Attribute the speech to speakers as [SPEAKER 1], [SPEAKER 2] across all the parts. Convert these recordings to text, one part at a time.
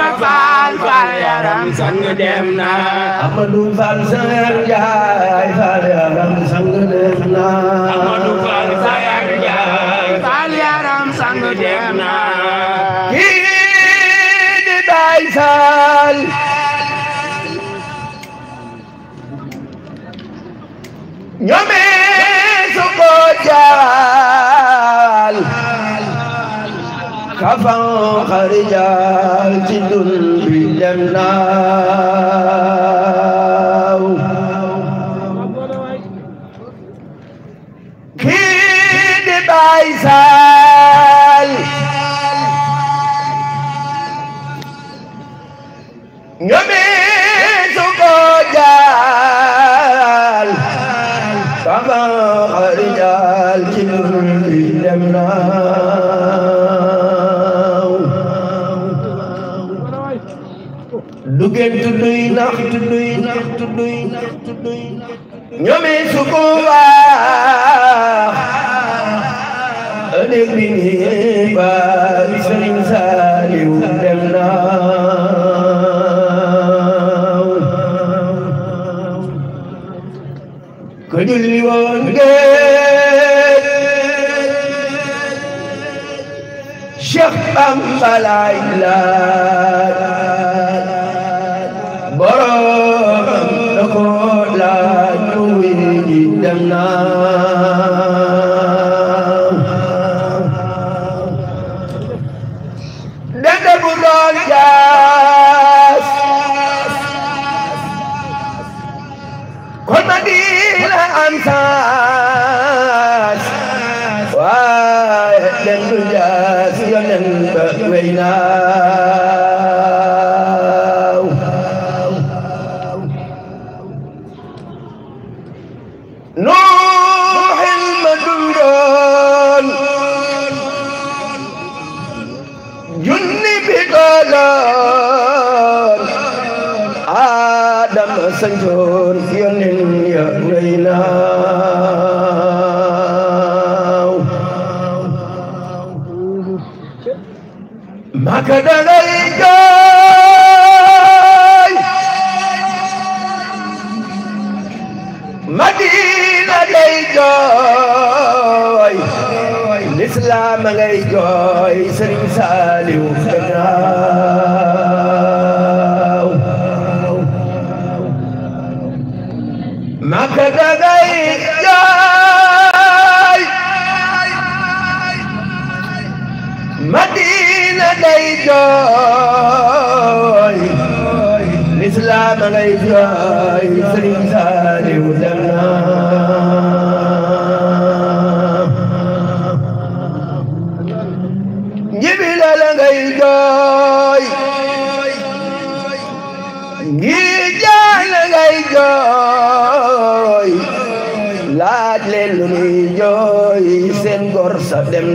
[SPEAKER 1] ma faal faal yaram sang
[SPEAKER 2] dem na Amadou Faal sayar jaay faal yaram sang dem na Amadou Faal sayar jaay faal yaram sang dem na kii di Baay Faal
[SPEAKER 1] ñoome su
[SPEAKER 2] ko jaay xafan xarijal ci dun bi dem naaw kii baay du gën tudduy nax tudduy nax tudduy nax tudduy nax
[SPEAKER 1] ñomi su ko wax
[SPEAKER 2] ëllëg bi ni ba Sëriñ Saaliw dem na ko julli woon géej Cheikh Bamba laay laaj chuyện đằng nào đến đây buồn rồi già con mà đi là anh xa wow đến bây giờ xưa nên bật về nào loon Adama sanjoon yónneen ya ngay naaw maka da ngay jooy Madina ngay jooy lislaam ngay jooy islam ngay jooy sëriñ Saaliw dem na ñibbi la la ngay jooy ngi jaan la ngay jooy laaj leen lu jooy seen gor sa dem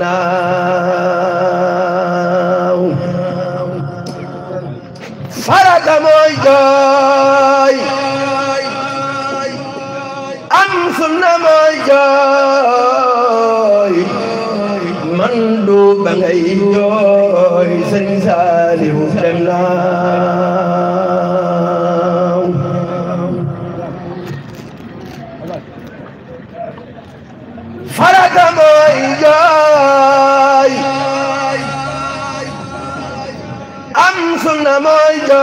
[SPEAKER 2] farata mooy jooy am sunna mooy jooy man du ba ngay jooy sëñ Saaliw dem naa xuân năm mới trời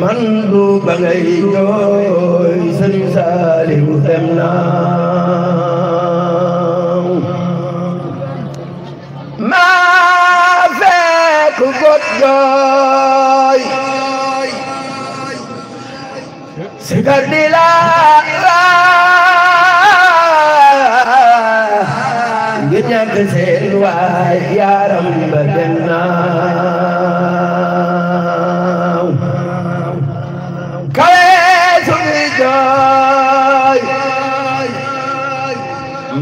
[SPEAKER 2] mắn đu bằng ấy trôi, xin xa liều tem nào ma về cũng gót rồi sẽ gần đi la la seen waay yaram ba gannaaw kawe suñu jooy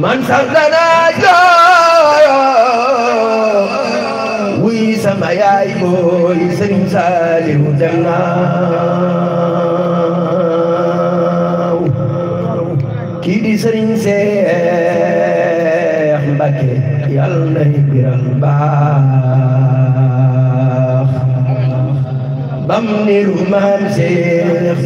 [SPEAKER 2] man sax dana jooy wuy sama yaay booy Sëriñ Saaliw dem Mbàkke yàlla nay biral baax bam niru maam Seex